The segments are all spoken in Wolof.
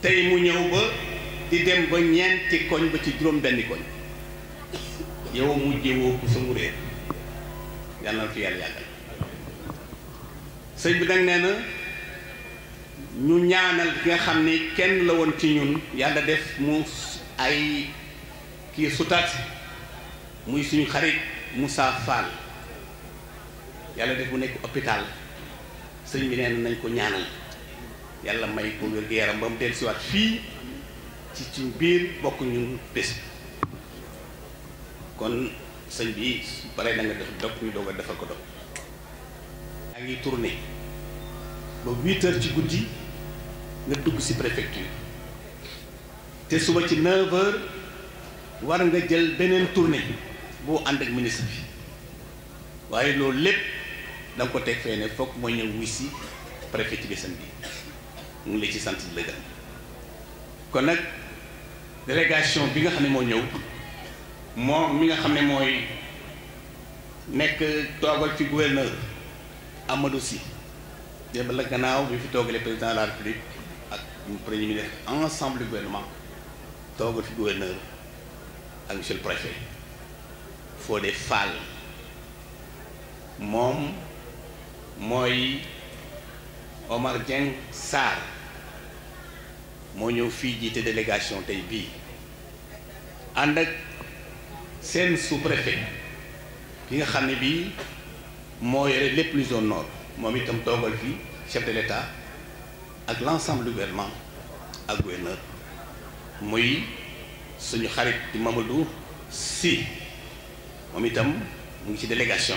tey mu ñëw ba di dem ba ñeenti koñ ba ci juróom benni koñ yow mujje woo ko sa nguréer yàlla na fi yàlla yàggal sëñ bi nag nee na ñu ñaanal ki nga xam ni kenn la woon ci ñun yàlla def mu ay kii sutaat muy suñu xarit Moussa Fall yàlla def mu nekk hôpital sëñ bi nee nañ ko ñaanal yàlla may ko wér gu yaram ba mu dellu siwaat fii ci ci biir bokk ñun bés kon sëñ bi pare na nga def dog ñu doog a defal ko dog yaa ngi tourné ba huit ci guddi nga dugg si préfecture te suba ci neuf heures war nga jël beneen tournée boo ànd ak ministre bi waaye loolu lépp da nga ko teg fee ne foog moo ñëw wuy si préfet ci bésam bi mu ngi la ci sant di la gërëm kon nag délégation bi nga xam ne moo ñëw moom mi nga xam ne mooy nekk toogal ci gouverneur Amadou Sy démb la gannaaw bi fi toogalee président de la république ak premier ministre ensemble du gouvernement toogal fi gouverneur ak monsieur le préfet Fodé Fall moom mooy Omar Dieng Sar, mon ñëw une délégation de bii sous-préfet qui nga le plus plus nord chef de l'État ak l'ensemble du gouvernement ak gouverneur le suñu xarit Mamadou si, itam délégation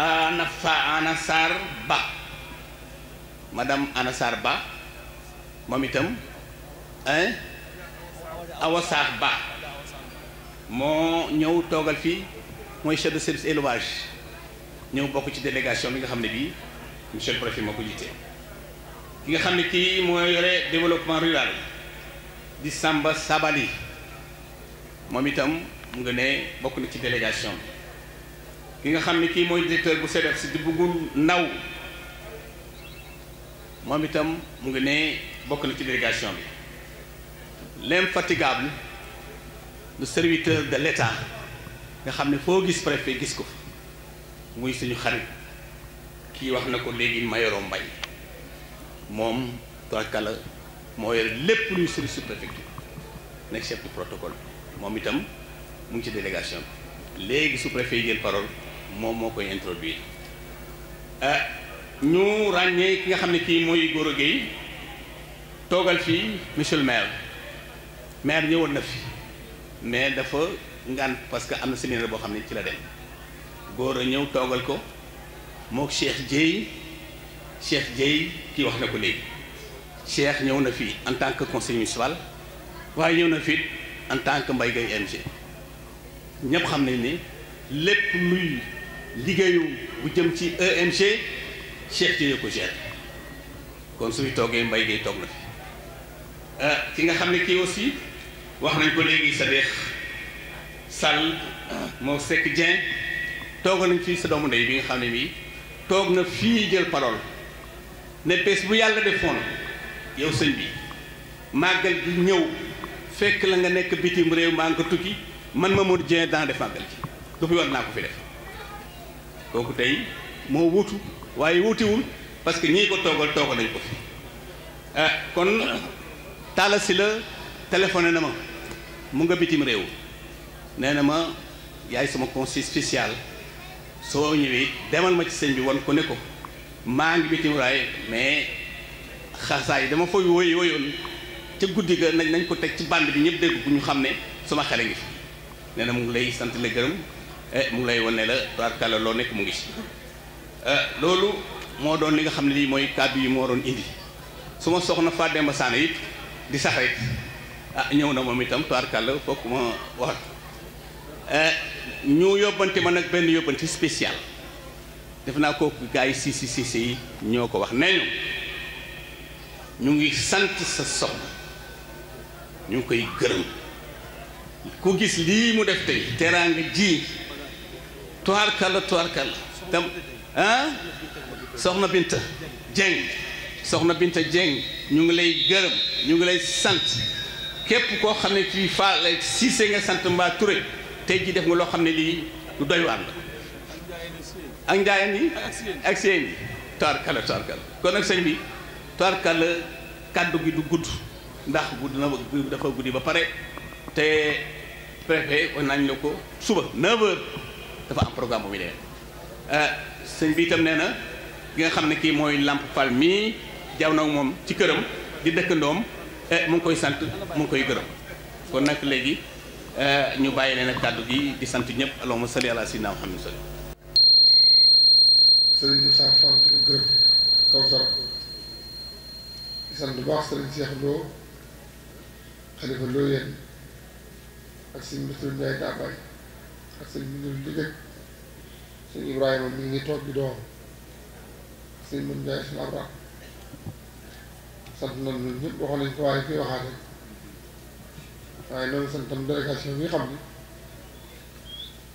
Anafa Anasar Ba madame Anasar Ba moom hein Awasar Ba mon ñëw toogal fii chef de service élevage nous avons ci délégation délégations, nga xam ne monsieur le préfet moo ko ki nga xam ne kii développement rural di Samba Sabali moom itam mu nga ne bokk ci ki nga xam ne kii mooy directeur bu SEDEF si di buggu ndaw moom itam mu ngi ne bokk na ci délégation bi l'infatigable le serviteur de l'État nga xam ne foo gis préfet gis ko muy suñu xarit kii wax na ko léegi Mayoro Mbaye moom toakala moo yore lépp luy suri sous-préfecture nekk chef du protocole moom itam mu ngi ci délégation bi léegi su préfet yi jël parole moom moo koy introduire euh, ñu ràññee ki nga xam ne kii mooy Gora géey toogal fii monsieur le maire maire ñëwoon na fi mais dafa ngaan parce que am na séminaire boo xam ne ci la dem a ñëw toogal ko mook Cheikh Dieye Cheikh Dieye ki wax na ko léegi Cheikh ñëw na fii en tant que conseiller municipal waaye ñëw na fii en tant que Mbaye Gueye MG ñëpp xam nañ ni lépp luy liggéeyu bu jëm ci EMG Cheikh Dieye ko cher kon su suñu toogee mbay gay toog na fi ah, ki nga xam ne kii aussi wax nañ ko léegi sa deex sal moo Seck Dieng toog nañ fii sa doomu ndey bi nga xam ne mii toog na fii jël parole ne bés bu yàlla defoon yow sëñ bi màggal gi ñëw fekk la nga nekk bitim réew maa nga tukki man Mamadou Dieng daan def màggal ci du fi war naa ko fi def kooku tey moo wutu waaye wutiwul parce que ñii ko toogal toogal nañ ko fi ah kon Talla Sylla téléphoné na ma mu nga bitim réew nee na ma yaay sama conseil spécial soo ñëwee demal ma ci sëñ bi wan ko ne ko maa ngi bitim raay mais xasaay dama fooy wooy wooyoon ca guddi ga nañ nañ ko teg ci bande bi ñëpp dégg bu ñu xam ne sama xele a ngi fi nee na mu ngi lay sant la gërëm Eh, mu ngi lay wane la tubaarkàlla loo nekk mu ngi ci eh, loolu moo doon li nga xam ne lii mooy kàddu yi moo doon indi su ma soxna Fademba Sane it di saxarit ah ñëw na moom itam tubaarkàlla fokk ma wax eh, ñu yóbbante ma nag benn yóbbante spécial def naa kooku gars yi si si si si ñoo ko wax nee ñu ñu ngi sant sa soxna ñu ngi koy gërëm ku gis lii mu def tey teraanga ji tubaarkalla tubaarkalla tam ah soxna Binta Dieng soxna Binta Dieng ñu ngi lay gërëm ñu ngi lay sant képp koo xam ne fii Fall Cissé nga sant mbaa Touré tey ji def nga loo xam ne lii lu doy waar la ak njaayeen yi ak seen yi tubaarkalla tubaarkalla kon nag sëñ bi tubaarkalla kàddu gi du gudd ndax gudd na dafa guddi ba pare te préfet nañ la ko suba 9 dafa am programme bu muy demee euh, sëñ bi itam nee na ki nga xam ne kii mooy Lamp Fall mii jaww na moom ci këram di dëkkandoom euh, mu ngi koy sant mu ngi koy gërëm kon nag léegi euh, ñu bàyyi leen ak kàddu gi di sant ñëpp allahumma salli ala sayyidina Muhammad sallallahu alayhi wasallam. Sëriñ Moussa Fall di ko gërëm Kawsar di sant bu baax ak sëñ bi ñu liggéey sëñ Ibrahima mi ngi toog bi doom sëñ mën Njaay suñu ab rax sant nañ ñun ñëpp waxoon nañ ko fii waxaate waaye noonu sant tam délégation bi xam ni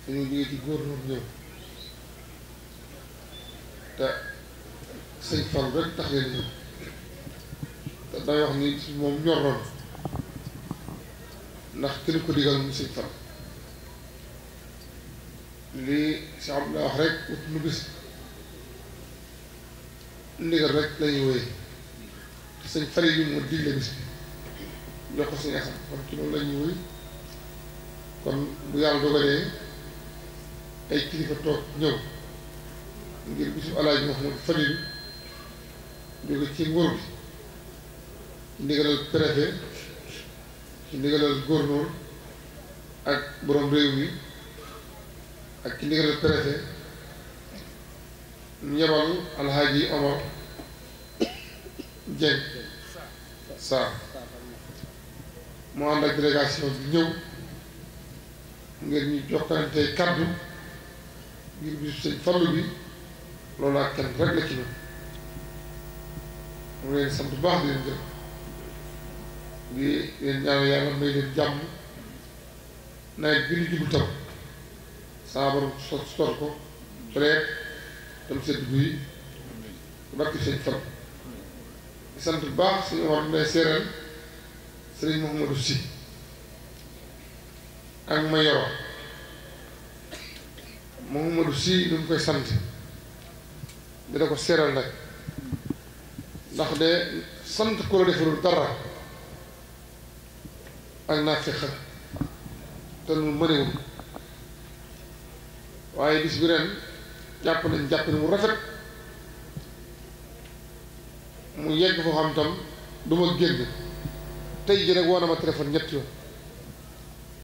dañuy liggéey ci góornóor ñëw te sëñ Fall rek tax leen ñëw te day wax ni moom ñor noonu ndax ki ko digal mu sëñ Fall lii si xam ne wax rek ut lu gis ndigal rek lañuy wéy te sëñ fari yu mu digle bis bi jox ko suñu asam kon ci loolu lañuy wéy kon bu yàlla dogalee ay kilifa toog ñëw ngir bisu alaaj bi Mouhamadou Fadil jóge ci nguur bi ndigalal préfet ci ndigalal gouverneur ak boroom réew mi ak ci ndigal préfet ñu yebal alxaaji Omar Dieng saa moo ànd ak délégation bi ñëw ngir ñu jokkante kaddu ngir bisu sëñ Fallu bi loolu ak kenn rek la ci mu leen sant baax di leen jël di leen ñaan yàlla may leen jàmm nawet bi ñu jublu saa sot so sol ko su tam sedd guy barki sëñ fam sant bu baax suñu war lay séeral sëriñ Mouhamadou si ak ma yoroo Mouhamadou Sy lu mu koy sant dina ko séeral nag ndax de sant koo la defalul dara ak naa fexe te nu mënewul waaye bis bi ren jàpp nañ jàpp ne mu rafet mu yegg foo xam tam duma ma génn tey ji nag woo na ma téléphone ñett yoo